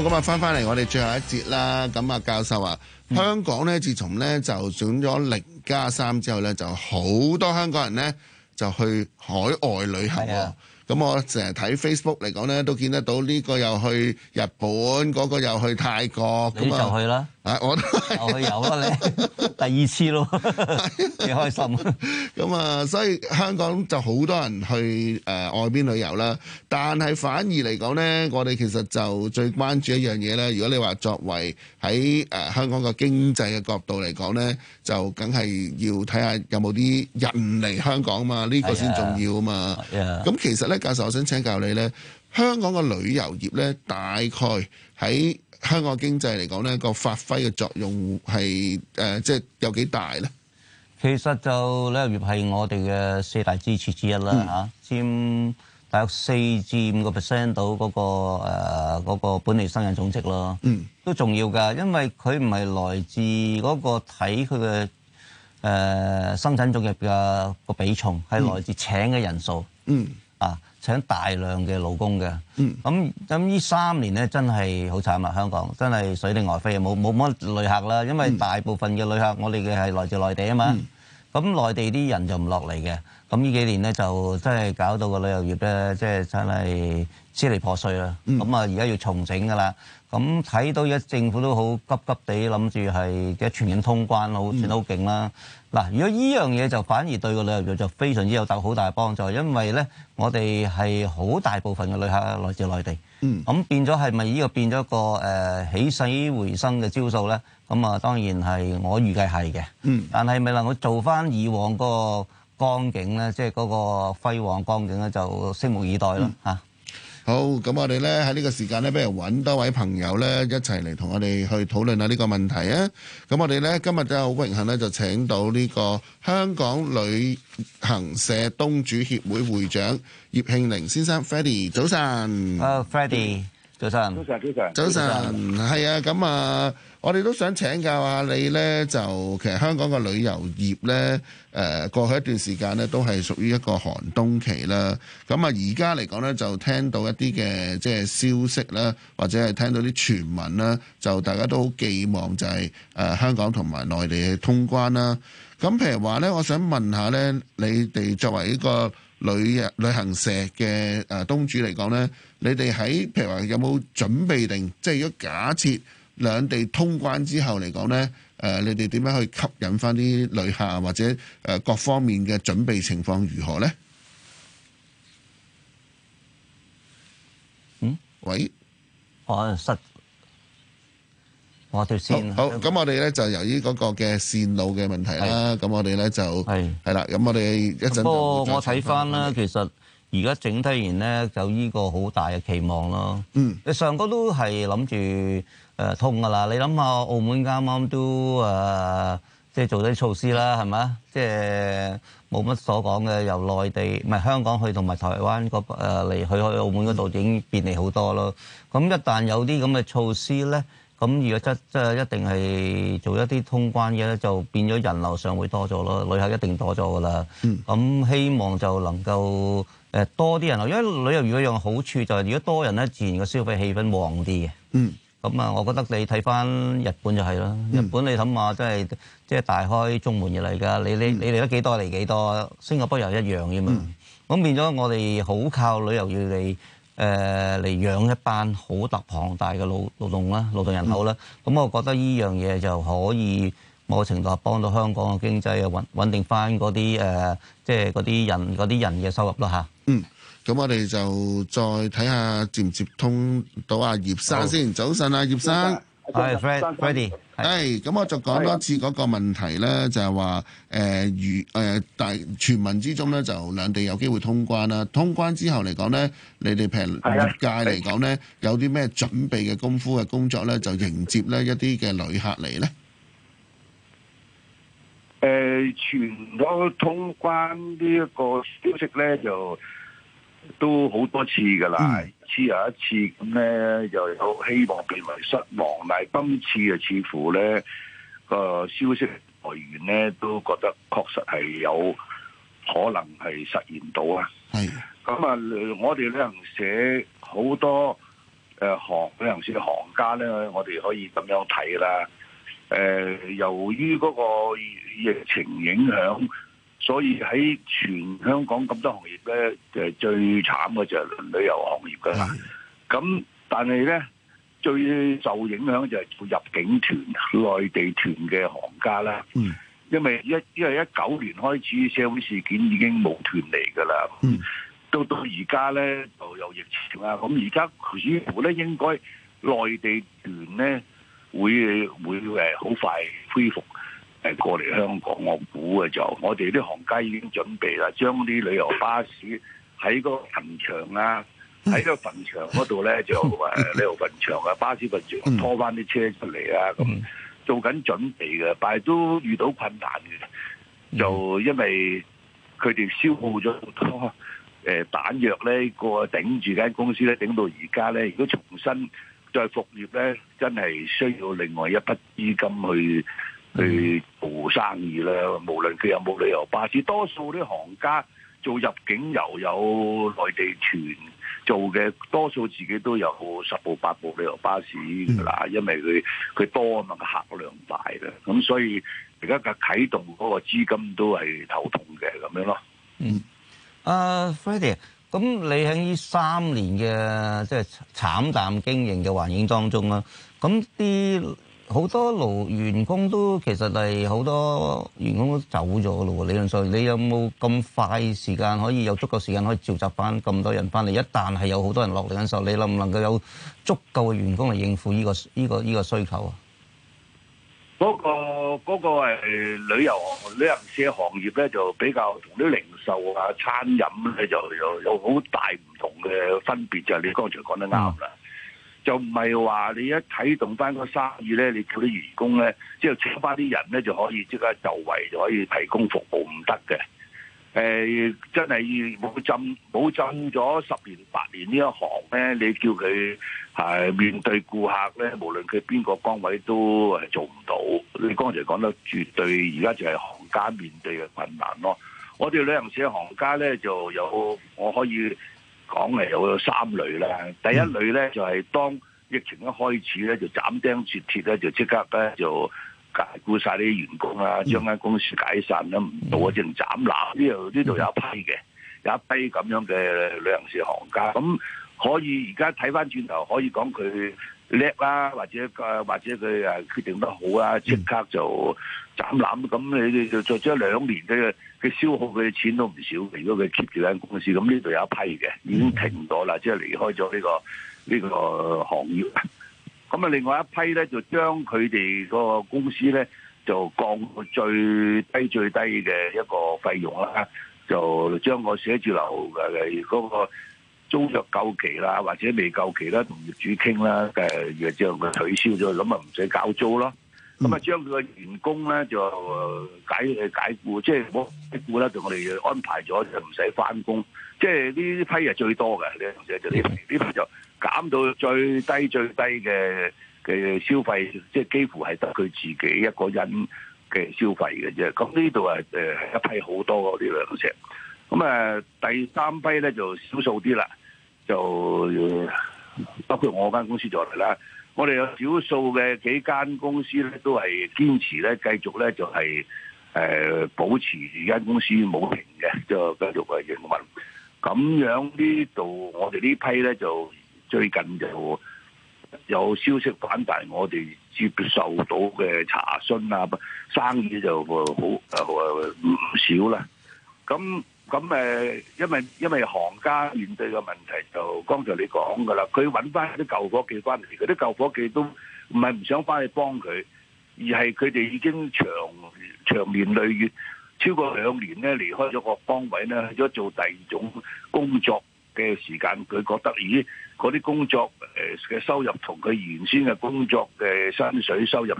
好，咁啊，翻翻嚟我哋最後一節啦。咁啊，教授啊，香港咧自從咧就選咗零加三之後咧，就好多香港人咧就去海外旅行。咁我成日睇 Facebook 嚟講咧，都見得到呢個又去日本，嗰個又去泰國。咁就去啦。啊！我都去遊啦，你第二次咯，幾開心啊！咁啊，所以香港就好多人去誒外邊旅遊啦。但係反而嚟講咧，我哋其實就最關注一樣嘢咧。如果你話作為喺誒香港個經濟嘅角度嚟講咧，就梗係要睇下有冇啲人嚟香港嘛？呢個先重要啊嘛。咁其實咧，教授我想請教你咧，香港嘅旅遊業咧，大概喺？香港經濟嚟講咧，個發揮嘅作用係誒、呃，即係有幾大咧？其實就旅遊業係我哋嘅四大支柱之一啦，嚇、嗯啊、佔大約四至五個 percent 到嗰個誒本地生產總值咯，嗯，都重要噶，因為佢唔係來自嗰個睇佢嘅誒生產總值嘅個比重，係來自請嘅人數，嗯，嗯啊。請大量嘅勞工嘅，咁咁呢三年呢，真係好慘啊！香港真係水靜鵝飛，冇冇乜旅客啦，因為大部分嘅旅客我哋嘅係來自內地啊嘛。嗯嗯。咁內地啲人就唔落嚟嘅，咁呢幾年咧就真係搞到個旅遊業咧，即係真係支離破碎啦。咁、嗯、啊，而家要重整噶啦。咁睇到而家政府都好急急地諗住係嘅全面通關，好算好勁啦。嗱、嗯，如果呢樣嘢就反而對個旅遊業就非常之有大好大幫助，因為咧我哋係好大部分嘅旅客來自內地。咁、嗯、變咗係咪呢個變咗個誒、呃、起死回生嘅招數咧？咁啊，當然係我預計係嘅。嗯，但係咪能夠做翻以往嗰個光景咧，即係嗰個輝煌光景咧，就拭目以待咯。嚇！好，咁我哋咧喺呢個時間咧，不如揾多位朋友咧一齊嚟同我哋去討論下呢個問題啊！咁我哋咧今日就好榮幸咧，就請到呢個香港旅行社東主協會會長葉慶寧先生，Freddy，早晨。啊，Freddy，早晨。早晨，早晨，早晨。係啊，咁啊。我哋都想請教下你呢。就其實香港嘅旅遊業呢，誒、呃、過去一段時間呢，都係屬於一個寒冬期啦。咁、呃、啊，而家嚟講呢，就聽到一啲嘅即係消息啦，或者係聽到啲傳聞啦，就大家都好寄望就係、是、誒、呃、香港同埋內地嘅通關啦。咁、呃、譬如話呢，我想問下呢，你哋作為一個旅遊旅行社嘅誒東主嚟講呢，你哋喺譬如話有冇準備定？即係如果假設？兩地通關之後嚟講咧，誒，你哋點樣去吸引翻啲旅客啊？或者誒，各方面嘅準備情況如何咧？嗯，喂，啊失，我條線好咁，我哋咧就由於嗰個嘅線路嘅問題啦，咁我哋咧就係係啦。咁我哋一陣。不過我睇翻啦，其實而家整體完咧，有依個好大嘅期望咯。嗯，你上個都係諗住。誒通噶啦！你諗下，澳門啱啱都誒，即係做啲措施啦，係咪？即係冇乜所講嘅，由內地唔係香港去同埋台灣個嚟去去澳門嗰度已經便利好多咯。咁一旦有啲咁嘅措施咧，咁如果真係一定係做一啲通關嘅咧，就變咗人流上會多咗咯，旅客一定多咗噶啦。咁希望就能夠誒多啲人流。因為旅遊如果樣好處就係，如果多人咧，自然個消費氣氛旺啲嘅。嗯咁啊，我覺得你睇翻日本就係啦，嗯，日本你諗下真係即係大開中門而嚟噶，你、嗯、你你嚟得幾多嚟幾多，新加坡又一樣啫嘛。咁、嗯、變咗我哋好靠旅遊業嚟誒嚟養一班好特龐大嘅勞勞動啦、勞動人口啦。咁、嗯、我覺得呢樣嘢就可以某程度係幫到香港嘅經濟啊，穩穩定翻嗰啲誒，即係嗰啲人嗰啲人嘅收入啦、啊、嗯。咁我哋就再睇下接唔接通到阿葉生先。早晨啊，葉生，係，Fred，Freddy，係。咁我就再講多次嗰個問題咧，就係話，誒，如，誒，大傳聞之中咧，就兩地有機會通關啦。通關之後嚟講咧，你哋譬如業界嚟講咧，有啲咩準備嘅功夫嘅工作咧，就迎接呢一啲嘅旅客嚟咧。誒，傳咗通關呢一個消息咧，就。都好多次噶啦，次又一次咁咧，又有希望變為失望，但係今次啊似乎咧，嗰個消息來源咧都覺得確實係有可能係實現到啊。係咁啊！我哋旅行社好多誒行旅行社行家咧，我哋可以咁樣睇啦。誒、呃，由於嗰個疫情影響。所以喺全香港咁多行業咧，就最慘嘅就係旅遊行業㗎。咁但係咧，最受影響就係入境團、內地團嘅行家啦。因為一因為一九年開始社會事件已經冇團嚟㗎啦。到到而家咧就有疫情啦。咁而家似乎咧應該內地團咧會會誒好快恢復。誒，過嚟香港，我估嘅就，我哋啲行家已經準備啦，將啲旅遊巴士喺個墳場啊，喺個墳場嗰度咧就誒 旅遊墳場啊，巴士墳場拖翻啲車出嚟啊，咁做緊準備嘅，但係都遇到困難嘅，就因為佢哋消耗咗好多誒、呃、彈藥咧，個頂住間公司咧，頂到而家咧，如果重新再復業咧，真係需要另外一筆資金去。去、嗯、做生意啦，無論佢有冇旅遊巴士，多數啲行家做入境遊有內地團做嘅，多數自己都有十部八部旅遊巴士噶啦，因為佢佢多啊嘛，個客量大啦，咁所以而家嘅啟動嗰個資金都係頭痛嘅咁樣咯。嗯、啊、uh，Freddy，咁你喺呢三年嘅即係慘淡經營嘅環境當中啦，咁啲。好多勞員工都其實係好多員工都走咗咯喎，理論上你有冇咁快時間可以有足夠時間可以召集翻咁多人翻嚟？一旦係有好多人落嚟嘅時候，你能唔能夠有足夠嘅員工嚟應付呢個呢個呢個需求啊？嗰個嗰個係旅遊旅行社行業咧，就比較同啲零售啊、餐飲咧，就有有好大唔同嘅分別，就係你剛才講得啱啦。又唔係話你一啟動翻個生意咧，你叫啲員工咧，之後請翻啲人咧就可以即刻就位就可以提供服務唔得嘅。誒，真係冇浸冇浸咗十年八年呢一行咧，你叫佢、啊、面對顧客咧，無論佢邊個崗位都做唔到。你剛才講得絕對，而家就係行家面對嘅困難咯。我哋旅行社行家咧就有我可以。講嚟有三類啦，第一類咧就係當疫情一開始咧就斬釘截鐵咧就即刻咧就解雇晒啲員工啦，將間公司解散啦。唔到，啊，淨斬纜呢度呢度有一批嘅，有一批咁樣嘅旅行社行家，咁可以而家睇翻轉頭，可以講佢叻啦，或者誒或者佢誒決定得好啊，即刻就斬纜，咁你哋就做咗兩年嘅。佢消耗佢嘅錢都唔少，如果佢 keep 住間公司，咁呢度有一批嘅已經停咗啦，即係離開咗呢個呢個行業。咁啊，另外一批咧就將佢哋個公司咧就降最低最低嘅一個費用啦，就將個寫字樓誒嗰個租約夠期啦，或者未夠期啦，同業主傾啦，誒約之後佢取消咗，咁啊唔使交租咯。咁、嗯、啊，將佢個員工咧就解解僱，即係僱僱咧就是，我哋安排咗就唔使翻工，即係呢啲批係最多嘅，呢呢批就減到最低最低嘅嘅消費，即、就、係、是、幾乎係得佢自己一個人嘅消費嘅啫。咁呢度啊一批好多嗰啲糧食。咁、就是，第三批咧就少數啲啦，就。我間公司就嚟啦，我哋有少數嘅幾間公司咧，都係堅持咧，繼續咧就係誒保持而間公司冇停嘅，就繼續誒營運。咁樣呢度我哋呢批咧就最近就有消息反彈，我哋接受到嘅查詢啊，生意就好誒唔少啦。咁。咁誒，因為因為行家面對嘅問題就剛才你講㗎啦，佢揾翻啲舊伙計翻嚟，佢啲舊伙計都唔係唔想翻去幫佢，而係佢哋已經長長年累月超過兩年咧離開咗個崗位咧，去咗做第二種工作嘅時間，佢覺得咦嗰啲工作誒嘅收入同佢原先嘅工作嘅薪水收入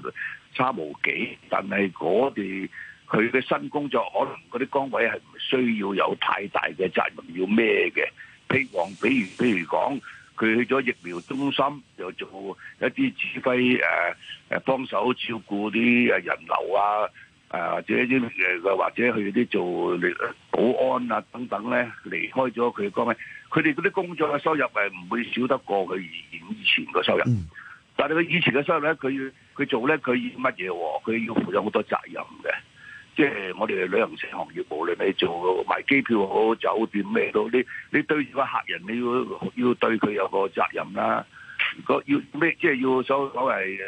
差無幾，但係我哋。佢嘅新工作可能嗰啲崗位係唔需要有太大嘅責任要孭嘅，譬如比如比如講，佢去咗疫苗中心又做一啲指揮誒誒、啊，幫手照顧啲人流啊，誒、啊、或者啲誒，或者去啲做保安啊等等咧，離開咗佢崗位，佢哋嗰啲工作嘅收入係唔會少得過佢以前嘅收入。但係佢以前嘅收入咧，佢要佢做咧，佢要乜嘢？佢要負有好多責任。即係我哋旅行社行業，無論你做賣機票好、酒店咩都，你你對住個客人，你要要對佢有個責任啦。如果要咩即係要所所謂誒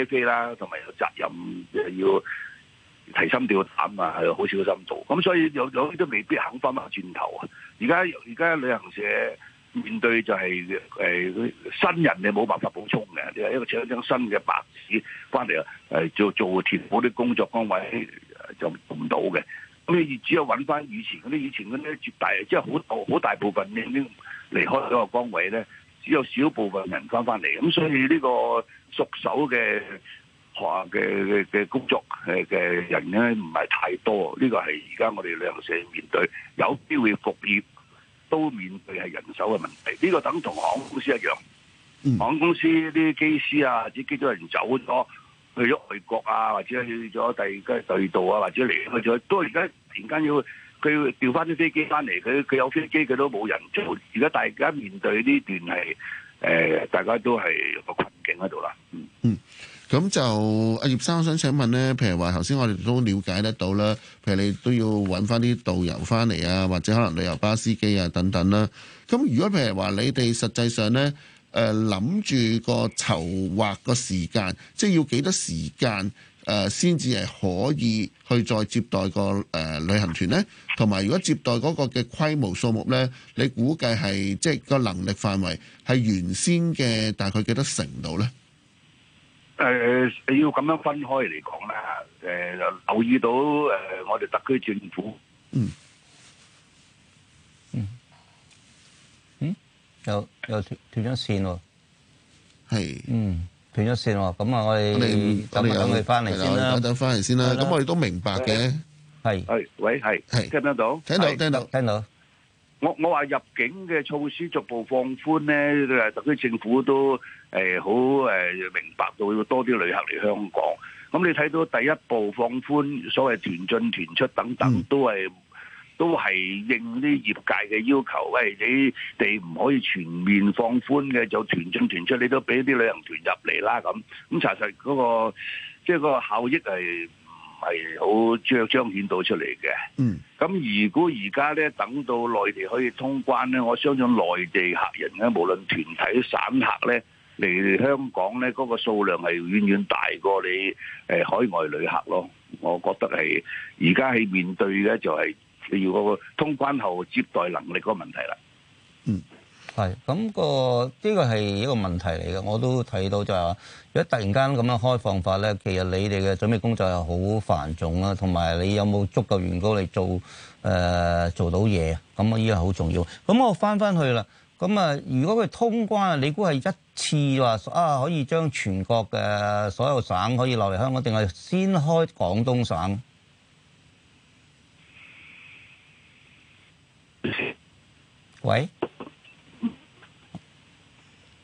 孭飛啦，同埋有責任，要提心吊膽啊，係好小心做。咁所以有有啲都未必肯翻翻轉頭啊。而家而家旅行社面對就係、是、誒、呃、新人你冇辦法補充嘅，要請一張新嘅白紙翻嚟誒做做填補啲工作崗位。就做唔到嘅，咁你只有又揾翻以前嗰啲，以前嗰啲絕大即係好好大部分呢啲離開咗個崗位咧，只有少部分人翻翻嚟，咁所以呢個熟手嘅學下嘅嘅工作嘅嘅人咧，唔係太多，呢個係而家我哋旅行社面對有機會復業都面對係人手嘅問題，呢個等同航空公司一樣，航空公司啲機師啊啲機組人走咗。去咗外國啊，或者去咗第二個隧道啊，或者嚟去咗，都而家突然間要佢要調翻啲飛機翻嚟，佢佢有飛機佢都冇人，即係而家大家面對呢段係誒、呃，大家都係個困境喺度啦。嗯嗯，咁就阿葉生我想請問咧，譬如話頭先我哋都了解得到啦，譬如你都要揾翻啲導遊翻嚟啊，或者可能旅遊巴司機啊等等啦。咁如果譬如話你哋實際上咧？誒諗住個籌劃個時間，即、就、係、是、要幾多時間誒先至係可以去再接待、那個誒、呃、旅行團呢？同埋如果接待嗰個嘅規模數目呢，你估計係即係個能力範圍係原先嘅大概幾多成度呢？你、呃、要咁樣分開嚟講啦，誒、呃、留意到誒、呃、我哋特區政府嗯。又又斷斷咗線喎，係，嗯，斷咗線喎，咁啊等等，我哋等佢翻嚟先啦，等翻嚟先啦，咁我哋都明白嘅，係，係，喂，係，係，聽聽到？聽到，聽到，聽到。我我話入境嘅措施逐步放寬咧，特區政府都誒好誒明白到要多啲旅客嚟香港。咁你睇到第一步放寬所謂團進團出等等，都係。嗯都係應啲業界嘅要求，喂，你哋唔可以全面放寬嘅，就團進團出，你都俾啲旅行團入嚟啦。咁咁查實嗰個即係嗰個效益係唔係好著彰顯到出嚟嘅。嗯，咁如果而家咧等到內地可以通關咧，我相信內地客人咧，無論團體散客咧嚟香港咧，嗰、嗰個數量係遠遠大過你誒海外旅客咯。我覺得係而家喺面對嘅就係、係。如果通關後接待能力個問題啦，嗯，係咁個呢個係一個問題嚟嘅，我都睇到就係話，如果突然間咁樣開放法咧，其實你哋嘅準備工作又好繁重啊，同埋你有冇足夠員工嚟做誒做到嘢？咁啊依個好重要。咁我翻翻去啦，咁啊如果佢通關啊，你估係一次話啊可以將全國嘅所有省可以落嚟香港，定係先開廣東省？喂，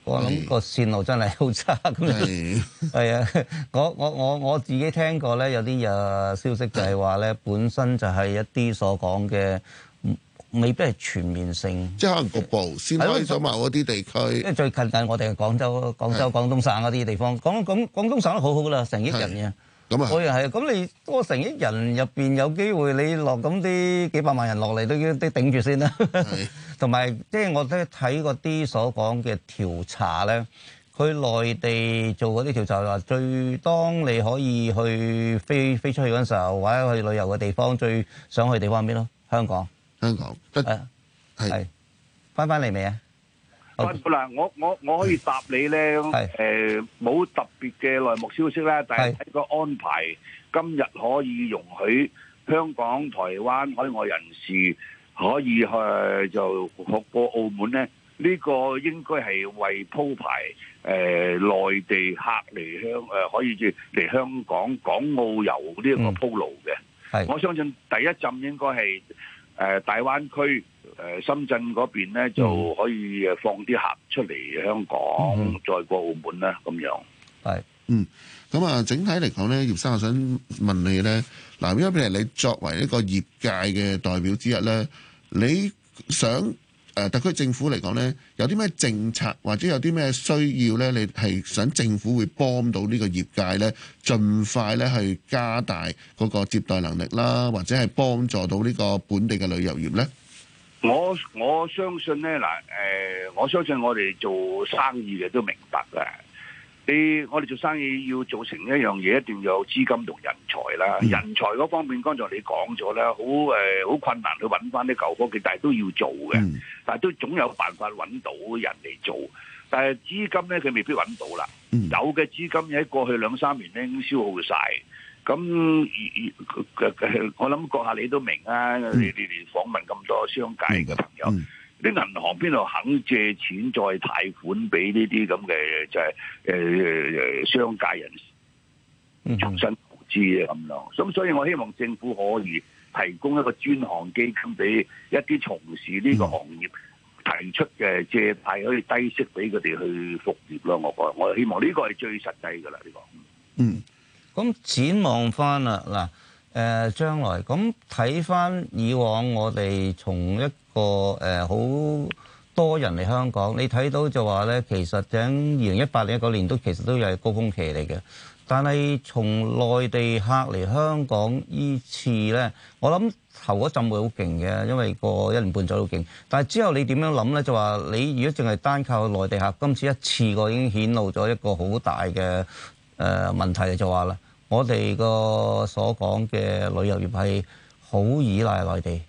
我諗個線路真係好差，係啊！ 我我我我自己聽過咧，有啲嘢消息就係話咧，本身就係一啲所講嘅，未必係全面性，即係可能局部，先可以收埋嗰啲地區，因為最近緊我哋廣州、廣州廣東省嗰啲地方，廣廣廣東省都好好啦，成億人嘅。就是、我又係，咁你多成億人入面有機會，你落咁啲幾百萬人落嚟都都頂住先啦、啊。同埋即係我咧睇嗰啲所講嘅調查咧，佢內地做嗰啲調查話，最當你可以去飛飛出去嗰陣時候，或者去旅遊嘅地方，最想去地方係邊咯？香港，香港，誒，係翻翻嚟未啊？唔係嗱，我我我可以答你咧，誒冇特別嘅內幕消息咧，但係睇個安排。今日可以容許香港、台灣海外人士可以去就學過澳門咧，呢個應該係為鋪排誒內地客嚟香誒可以嚟香港港澳遊呢一個鋪路嘅。我相信第一站應該係誒大灣區。誒深圳嗰邊咧就可以誒放啲客出嚟香港，再過澳門啦咁樣。係嗯咁啊，整體嚟講咧，葉生我想問你咧嗱，因為譬如你作為一個業界嘅代表之一咧，你想誒特區政府嚟講咧，有啲咩政策或者有啲咩需要咧？你係想政府會幫到呢個業界咧，盡快咧去加大嗰個接待能力啦，或者係幫助到呢個本地嘅旅遊業咧？我我相信咧嗱，誒、呃，我相信我哋做生意嘅都明白嘅。你我哋做生意要做成一樣嘢，一定要有資金同人才啦。嗯、人才嗰方面，剛才你講咗啦，好誒，好、呃、困難去揾翻啲舊科技，但係都要做嘅、嗯。但係都總有辦法揾到人嚟做，但係資金咧，佢未必揾到啦。嗯、有嘅資金喺過去兩三年咧，已經消耗晒。咁我諗閣下你都明啊，你哋訪問咁多商界嘅朋友，啲銀行邊度肯借錢再貸款俾呢啲咁嘅就係、是、誒、呃、商界人士重新投資咧咁咯。咁、嗯、所以我希望政府可以提供一個專項基金俾一啲從事呢個行業提出嘅借貸可以低息俾佢哋去復業咯。我覺得我希望呢個係最實際噶啦呢個。嗯。咁展望翻啦，嗱，誒將來咁睇翻以往，我哋從一個誒好、呃、多人嚟香港，你睇到就話咧，其實整二零一八年嗰年都其實都係高峰期嚟嘅。但係從內地客嚟香港依次咧，我諗頭嗰陣會好勁嘅，因為過一年半左右勁。但之後你點樣諗咧？就話你如果淨係單靠內地客，今次一次個已經顯露咗一個好大嘅誒、呃、問題就話啦。我哋個所講嘅旅遊業係好依賴內地。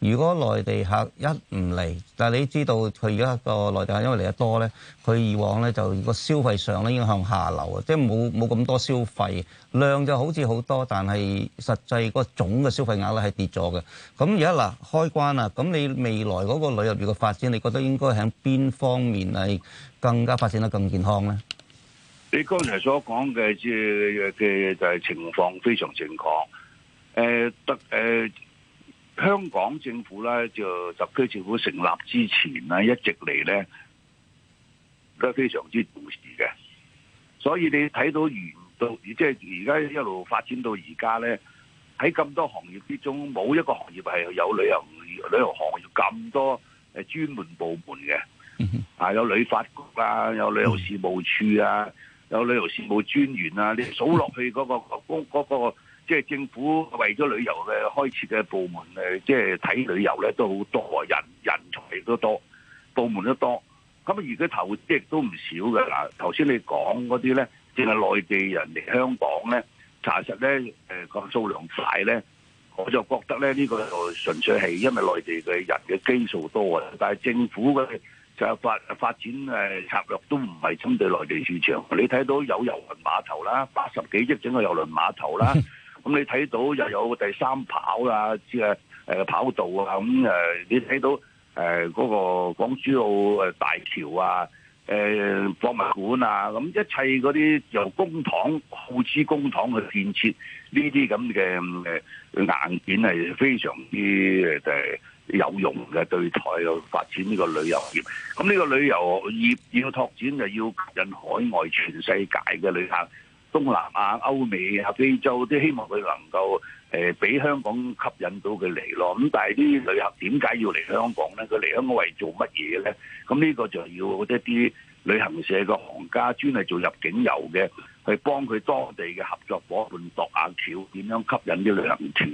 如果內地客一唔嚟，但係你知道佢而家個內地客因為嚟得多咧，佢以往咧就個消費上咧已經向下流啊，即係冇冇咁多消費量就好似好多，但係實際個總嘅消費額咧係跌咗嘅。咁而家嗱開關啊，咁你未來嗰個旅遊業嘅發展，你覺得應該喺邊方面係更加發展得更健康咧？你剛才所講嘅嘅嘅就係情況非常正確。誒、呃，特誒、呃，香港政府咧就特區政府成立之前咧，一直嚟咧都係非常之重視嘅。所以你睇到完到，即係而家一路發展到而家咧，喺咁多行業之中，冇一個行業係有旅遊旅遊行業咁多誒專門部門嘅。啊， 有旅發局啊，有旅遊事務處啊。有旅遊事務專員啊！你數落去嗰個嗰嗰個，即係政府為咗旅遊嘅開設嘅部門誒，即係睇旅遊咧都好多人人才亦都多，部門都多。咁而家投資亦都唔少㗎喇。頭先你講嗰啲咧，淨係內地人嚟香港咧，查實咧誒個數量大咧，我就覺得咧呢個純粹係因為內地嘅人嘅基數多啊，但係政府嘅，就發發展誒、呃、策略都唔係針對內地市場，你睇到有遊輪碼頭啦，八十幾億整個遊輪碼頭啦，咁、嗯、你睇到又有第三跑啊，即、呃、係跑道啊，咁、嗯、誒、呃、你睇到誒嗰、呃那個港珠澳大橋啊、誒、呃、博物館啊，咁、嗯、一切嗰啲由公帑、耗資公帑去建設呢啲咁嘅硬件係非常之有用嘅對台發展呢個旅遊業，咁呢個旅遊業要拓展就要吸引海外全世界嘅旅客，東南亞、歐美啊、非洲都希望佢能夠誒俾、呃、香港吸引到佢嚟咯。咁但係啲旅客點解要嚟香港咧？佢嚟香港為做乜嘢咧？咁呢個就要一啲旅行社嘅行家專係做入境遊嘅。去幫佢當地嘅合作伙伴度下橋，點樣吸引啲旅行團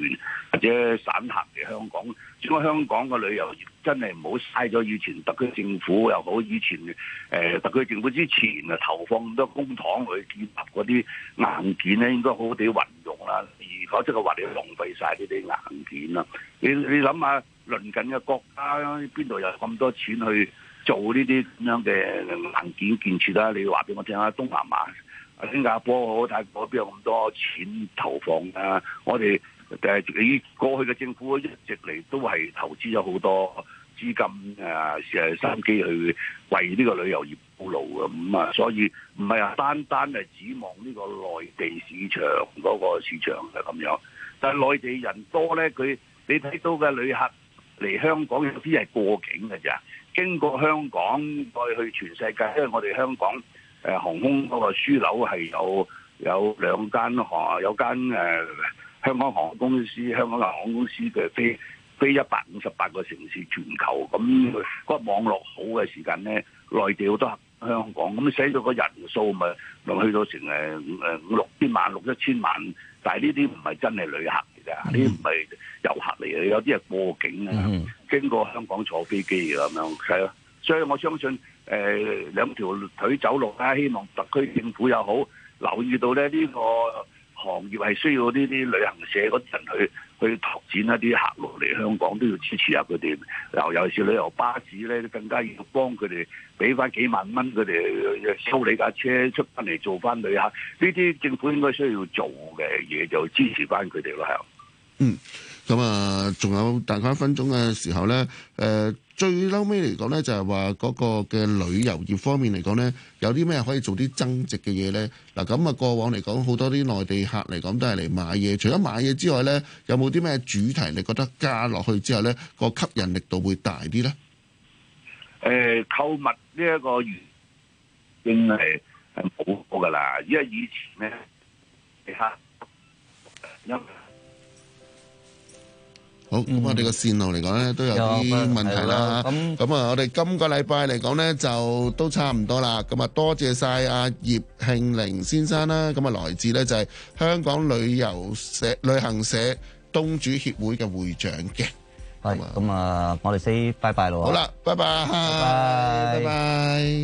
或者散客嚟香港？咁香港嘅旅遊業真係唔好嘥咗以前特區政府又好，以前誒、呃、特區政府之前啊投放咁多公帑去建立嗰啲硬件咧，應該好好地運用啦。如果真嘅話，你浪費晒呢啲硬件啦。你你諗下，鄰近嘅國家邊度有咁多錢去做呢啲咁樣嘅硬件建設啊？你要話俾我聽下東南亞。新加坡好，泰國邊有咁多錢投放㗎？我哋誒你過去嘅政府一直嚟都係投資咗好多資金誒誒心機去為呢個旅遊業鋪路嘅咁啊，所以唔係啊，單單係指望呢個內地市場嗰、嗰個市場嘅咁樣，但係內地人多咧，佢你睇到嘅旅客嚟香港有啲係過境嘅咋，經過香港再去全世界，因為我哋香港。誒，航空嗰個樞紐係有有兩間航有間誒、呃、香港航空公司、香港航空公司嘅飛飛一百五十八個城市全球，咁個網絡好嘅時間咧，內地好多香港，咁使咗個人數咪咪去到成誒誒五六千萬、六一千萬，但係呢啲唔係真係旅客嚟噶，呢啲唔係遊客嚟嘅，有啲係過境啊，經過香港坐飛機咁樣，係咯，所以我相信。誒，兩條腿走路啦，希望特區政府又好留意到咧，呢個行業係需要呢啲旅行社啲人去去拓展一啲客路嚟香港，都要支持下佢哋。又尤其旅遊巴士咧，更加要幫佢哋俾翻幾萬蚊，佢哋修你架車出翻嚟做翻旅客。呢啲政府應該需要做嘅嘢，就支持翻佢哋咯，係。嗯，咁啊，仲有大概一分鐘嘅時候咧，誒、呃。最嬲尾嚟講咧，就係話嗰個嘅旅遊業方面嚟講咧，有啲咩可以做啲增值嘅嘢咧？嗱，咁啊，過往嚟講，好多啲內地客嚟講都係嚟買嘢。除咗買嘢之外咧，有冇啲咩主題你覺得加落去之後咧，個吸引力度會大啲咧？誒、呃，購物呢一個源應係係好多噶啦，因為以前咧，你嚇。嗯好，咁我哋個線路嚟講咧，都有啲問題啦。咁咁啊，我哋今個禮拜嚟講咧，就都差唔多啦。咁啊，多謝晒阿葉慶玲先生啦。咁啊，來自咧就係香港旅遊社旅行社東主協會嘅會長嘅。係，咁啊，我哋先拜拜咯。好啦，拜拜，拜拜。